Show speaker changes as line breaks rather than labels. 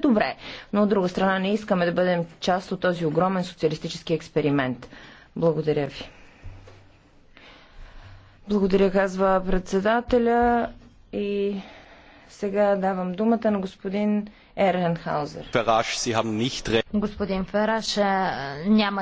добре. Но от друга страна не искаме да бъдем част от този огромен социалистически експеримент. Благодаря ви. Благодаря, казва председателя. И сега давам думата на господин Еренхаузер. Господин Фераш, е, няма